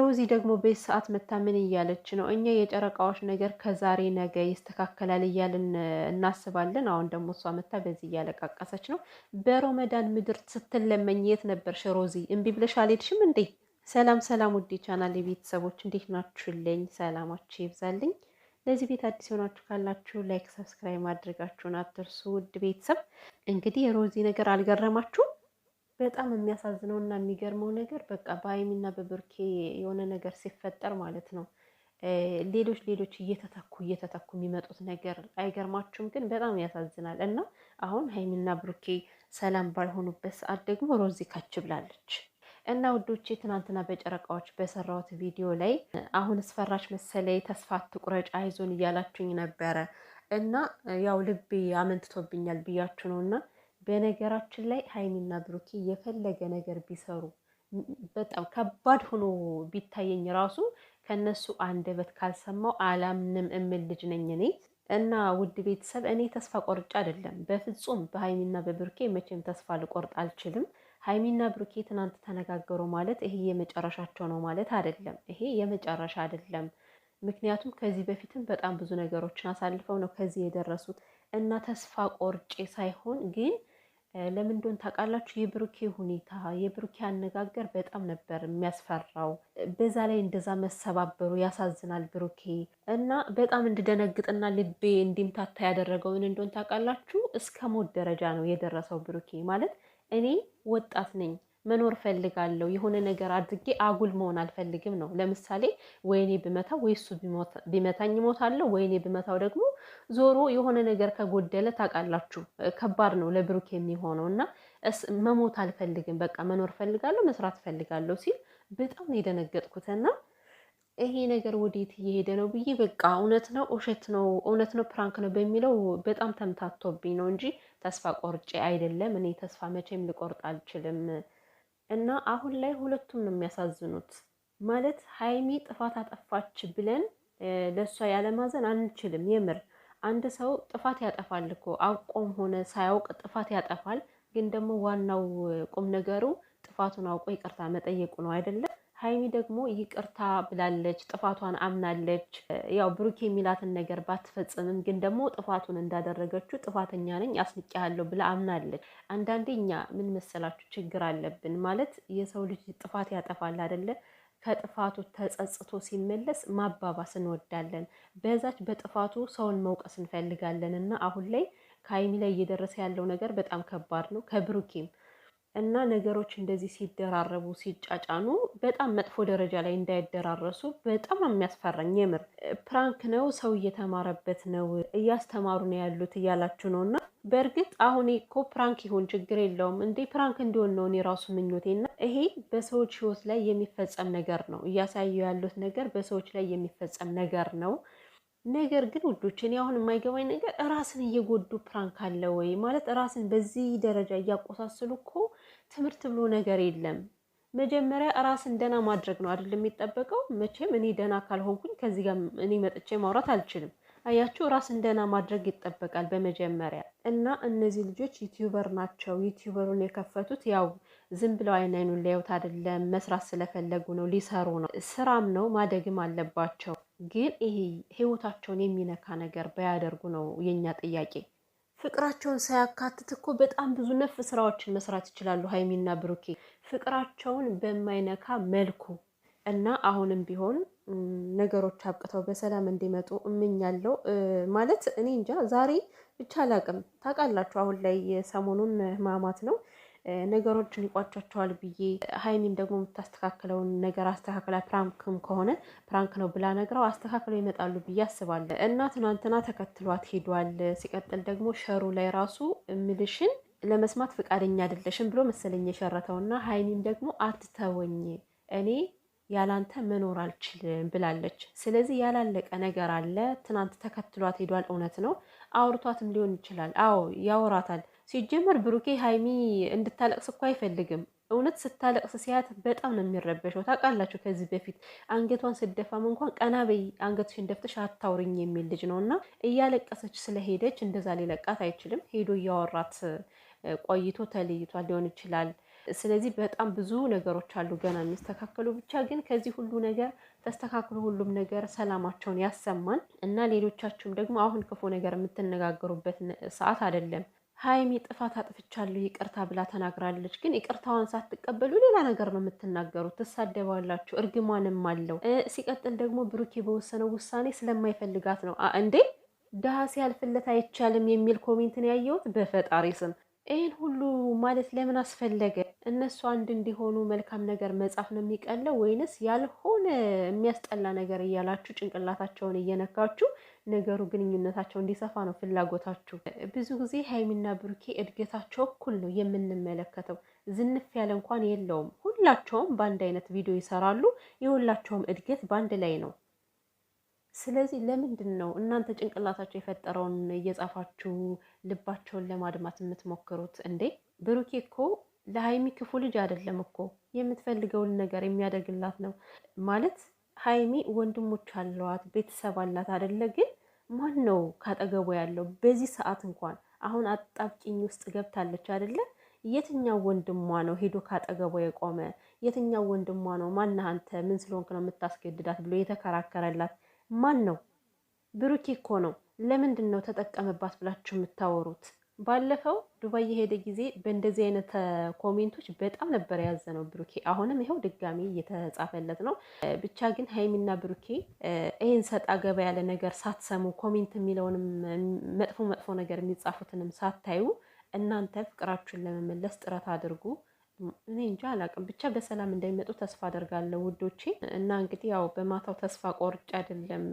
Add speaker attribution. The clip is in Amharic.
Speaker 1: ሮዚ ደግሞ ቤት ሰዓት መታ ምን እያለች ነው? እኛ የጨረቃዎች ነገር ከዛሬ ነገ ይስተካከላል እያልን እናስባለን። አሁን ደግሞ እሷ መታ በዚህ እያለቃቀሰች ነው። በሮመዳን ምድር ስትለመኝ የት ነበርሽ ሮዚ? እምቢ ብለሽ አልሄድሽም እንዴ? ሰላም ሰላም፣ ውዴ ቻናል የቤተሰቦች እንዴት ናችሁልኝ? ሰላማችሁ ይብዛልኝ። ለዚህ ቤት አዲስ የሆናችሁ ካላችሁ ላይክ፣ ሰብስክራይብ ማድረጋችሁን አትርሱ። ውድ ቤተሰብ እንግዲህ የሮዚ ነገር አልገረማችሁ በጣም የሚያሳዝነው እና የሚገርመው ነገር በቃ በሀይሚና በብሩኬ የሆነ ነገር ሲፈጠር ማለት ነው ሌሎች ሌሎች እየተተኩ እየተተኩ የሚመጡት ነገር አይገርማችሁም? ግን በጣም ያሳዝናል። እና አሁን ሀይሚና ብሩኬ ሰላም ባልሆኑበት ሰዓት ደግሞ ሮዚ ካች ብላለች። እና ውዶቼ ትናንትና በጨረቃዎች በሰራሁት ቪዲዮ ላይ አሁን እስፈራሽ መሰለኝ ተስፋ ትቁረጭ አይዞን እያላችሁኝ ነበረ እና ያው ልቤ አመንትቶብኛል ብያችሁ ነው እና በነገራችን ላይ ሀይሚና ብሩኬ የፈለገ ነገር ቢሰሩ በጣም ከባድ ሆኖ ቢታየኝ ራሱ ከነሱ አንደበት ካልሰማው አላምንም እምል ልጅ ነኝ እኔ። እና ውድ ቤተሰብ እኔ ተስፋ ቆርጬ አይደለም፣ በፍጹም በሀይሚና በብሩኬ መቼም ተስፋ ልቆርጥ አልችልም። ሀይሚና ብሩኬ ትናንት ተነጋገሩ ማለት ይሄ የመጨረሻቸው ነው ማለት አይደለም። ይሄ የመጨረሻ አይደለም። ምክንያቱም ከዚህ በፊትም በጣም ብዙ ነገሮችን አሳልፈው ነው ከዚህ የደረሱት እና ተስፋ ቆርጬ ሳይሆን ግን ለምን እንደሆነ ታውቃላችሁ? የብሩኬ ሁኔታ የብሩኬ አነጋገር በጣም ነበር የሚያስፈራው። በዛ ላይ እንደዛ መሰባበሩ ያሳዝናል። ብሩኬ እና በጣም እንድደነግጥና ልቤ እንዲምታታ ያደረገው ምን እንደሆነ ታውቃላችሁ? እስከ ሞት ደረጃ ነው የደረሰው ብሩኬ ማለት እኔ ወጣት ነኝ መኖር ፈልጋለሁ። የሆነ ነገር አድርጌ አጉል መሆን አልፈልግም ነው። ለምሳሌ ወይኔ ብመታው ወይ እሱ ቢመታኝ እሞታለሁ፣ ወይኔ ብመታው ደግሞ ዞሮ የሆነ ነገር ከጎደለ ታውቃላችሁ፣ ከባድ ነው ለብሩክ የሚሆነው እና መሞት አልፈልግም፣ በቃ መኖር ፈልጋለሁ፣ መስራት ፈልጋለሁ ሲል በጣም የደነገጥኩትና ይሄ ነገር ወዴት እየሄደ ነው ብዬ በቃ እውነት ነው ውሸት ነው እውነት ነው ፕራንክ ነው በሚለው በጣም ተምታቶብኝ ነው እንጂ ተስፋ ቆርጬ አይደለም። እኔ ተስፋ መቼም ልቆርጥ አልችልም። እና አሁን ላይ ሁለቱም ነው የሚያሳዝኑት። ማለት ሀይሚ ጥፋት አጠፋች ብለን ለእሷ ያለማዘን አንችልም። የምር አንድ ሰው ጥፋት ያጠፋል እኮ አውቆም ሆነ ሳያውቅ ጥፋት ያጠፋል። ግን ደግሞ ዋናው ቁም ነገሩ ጥፋቱን አውቆ ይቅርታ መጠየቁ ነው አይደለም? ሀይሚ ደግሞ ይቅርታ ብላለች፣ ጥፋቷን አምናለች። ያው ብሩክ የሚላትን ነገር ባትፈጽምም ግን ደግሞ ጥፋቱን እንዳደረገችው ጥፋተኛ ነኝ አስንቄያለሁ ብላ አምናለች። አንዳንዴ እኛ ምን መሰላችሁ ችግር አለብን ማለት የሰው ልጅ ጥፋት ያጠፋል አይደለ? ከጥፋቱ ተጸጽቶ ሲመለስ ማባባስ እንወዳለን። በዛች በጥፋቱ ሰውን መውቀስ እንፈልጋለን እና አሁን ላይ ከሀይሚ ላይ እየደረሰ ያለው ነገር በጣም ከባድ ነው ከብሩኬም እና ነገሮች እንደዚህ ሲደራረቡ ሲጫጫኑ በጣም መጥፎ ደረጃ ላይ እንዳይደራረሱ በጣም የሚያስፈራኝ የምር ፕራንክ ነው፣ ሰው እየተማረበት ነው፣ እያስተማሩ ነው ያሉት እያላችሁ ነው። እና በእርግጥ አሁን እኮ ፕራንክ ይሆን ችግር የለውም እንዴ ፕራንክ እንዲሆን ነው እኔ ራሱ ምኞቴ። እና ይሄ በሰዎች ህይወት ላይ የሚፈጸም ነገር ነው እያሳዩ ያሉት ነገር በሰዎች ላይ የሚፈጸም ነገር ነው። ነገር ግን ውዶች እኔ አሁን የማይገባኝ ነገር ራስን እየጎዱ ፕራንክ አለ ወይ ማለት ራስን በዚህ ደረጃ እያቆሳሰሉ እኮ ትምህርት ብሎ ነገር የለም። መጀመሪያ ራስን ደና ማድረግ ነው አይደል የሚጠበቀው? መቼም እኔ ደና ካልሆንኩኝ ከዚህ ጋር እኔ መጥቼ ማውራት አልችልም። አያችሁ ራስን ደና ማድረግ ይጠበቃል በመጀመሪያ እና እነዚህ ልጆች ዩቲዩበር ናቸው። ዩቲዩበሩን የከፈቱት ያው ዝም ብለው አይን አይኑን ሊያዩት አይደለም፣ መስራት ስለፈለጉ ነው፣ ሊሰሩ ነው። ስራም ነው፣ ማደግም አለባቸው። ግን ይሄ ህይወታቸውን የሚነካ ነገር ባያደርጉ ነው የኛ ጥያቄ። ፍቅራቸውን ሳያካትት እኮ በጣም ብዙ ነፍ ስራዎችን መስራት ይችላሉ ሀይሚና ብሩኬ ፍቅራቸውን በማይነካ መልኩ እና አሁንም ቢሆን ነገሮች አብቅተው በሰላም እንዲመጡ እምኛለው። ማለት እኔ እንጃ ዛሬ ብቻ አላቅም። ታውቃላችሁ አሁን ላይ የሰሞኑን ህማማት ነው ነገሮችን ይቋጫቸዋል ብዬ ሀይሚም ደግሞ የምታስተካክለውን ነገር አስተካክላ ፕራንክም ከሆነ ፕራንክ ነው ብላ ነግረው አስተካክለው ይመጣሉ ብዬ አስባለሁ። እና ትናንትና ተከትሏት ሄዷል። ሲቀጥል ደግሞ ሸሩ ላይ ራሱ ምልሽን ለመስማት ፈቃደኛ አይደለሽም ብሎ መሰለኝ የሸረተው እና ሀይሚም ደግሞ አትተወኝ እኔ ያላንተ መኖር አልችልም ብላለች። ስለዚህ ያላለቀ ነገር አለ። ትናንት ተከትሏት ሄዷል። እውነት ነው። አውርቷትም ሊሆን ይችላል። አዎ ያወራታል ሲጀመር ብሩኬ ሀይሚ እንድታለቅስ እኮ አይፈልግም። እውነት ስታለቅስ ሲያት በጣም ነው የሚረበሸው። ታውቃላችሁ፣ ከዚህ በፊት አንገቷን ስደፋም እንኳን ቀና በይ አንገትሽን ደፍተሽ አታውርኝ የሚል ልጅ ነው እና እያለቀሰች ስለሄደች እንደዛ ሊለቃት አይችልም። ሄዶ እያወራት ቆይቶ ተለይቷል ሊሆን ይችላል። ስለዚህ በጣም ብዙ ነገሮች አሉ ገና የሚስተካከሉ። ብቻ ግን ከዚህ ሁሉ ነገር ተስተካክሎ ሁሉም ነገር ሰላማቸውን ያሰማን እና ሌሎቻችሁም ደግሞ አሁን ክፉ ነገር የምትነጋገሩበት ሰዓት አይደለም። ሀይሚ ጥፋት አጥፍቻለሁ ይቅርታ ብላ ተናግራለች። ግን ይቅርታዋን ሳትቀበሉ ሌላ ነገር ነው የምትናገሩት፣ ትሳደባላችሁ፣ እርግማንም አለው። ሲቀጥል ደግሞ ብሩኬ በወሰነው ውሳኔ ስለማይፈልጋት ነው እንዴ ድሀ ሲያልፍለት አይቻልም የሚል ኮሜንትን ያየሁት በፈጣሪ ስም ይህን ሁሉ ማለት ለምን አስፈለገ? እነሱ አንድ እንዲሆኑ መልካም ነገር መጻፍ ነው የሚቀለው ወይንስ ያልሆነ የሚያስጠላ ነገር እያላችሁ ጭንቅላታቸውን እየነካችሁ ነገሩ ግንኙነታቸው እንዲሰፋ ነው ፍላጎታችሁ? ብዙ ጊዜ ሀይሚና ብሩኬ እድገታቸው እኩል ነው የምንመለከተው። ዝንፍ ያለ እንኳን የለውም። ሁላቸውም በአንድ አይነት ቪዲዮ ይሰራሉ። የሁላቸውም እድገት በአንድ ላይ ነው። ስለዚህ ለምንድን ነው እናንተ ጭንቅላታቸው የፈጠረውን እየጻፋችሁ ልባቸውን ለማድማት የምትሞክሩት እንዴ? ብሩኬ እኮ ለሀይሚ ክፉ ልጅ አይደለም እኮ የምትፈልገውን ነገር የሚያደርግላት ነው ማለት። ሀይሚ ወንድሞች አለዋት፣ ቤተሰብ አላት አይደለ? ግን ማን ነው ካጠገቡ ያለው? በዚህ ሰዓት እንኳን አሁን አጣብቂኝ ውስጥ ገብታለች አይደለ? የትኛው ወንድሟ ነው ሄዶ ካጠገቧ የቆመ? የትኛው ወንድሟ ነው ማነህ አንተ ምን ስለሆንክ ነው የምታስገድዳት ብሎ የተከራከረላት? ማን ነው? ብሩኬ እኮ ነው። ለምንድን ነው ተጠቀመባት ብላችሁ የምታወሩት? ባለፈው ዱባይ የሄደ ጊዜ በእንደዚህ አይነት ኮሜንቶች በጣም ነበር የያዘ ነው ብሩኬ። አሁንም ይኸው ድጋሚ እየተጻፈለት ነው። ብቻ ግን ሀይሚና ብሩኬ ይህን ሰጣ ገባ ያለ ነገር ሳትሰሙ ኮሜንት የሚለውንም መጥፎ መጥፎ ነገር የሚጻፉትንም ሳታዩ እናንተ ፍቅራችሁን ለመመለስ ጥረት አድርጉ። እኔ እንጃ አላውቅም። ብቻ በሰላም እንደሚመጡ ተስፋ አደርጋለሁ ውዶቼ። እና እንግዲህ ያው በማታው ተስፋ ቆርጬ አይደለም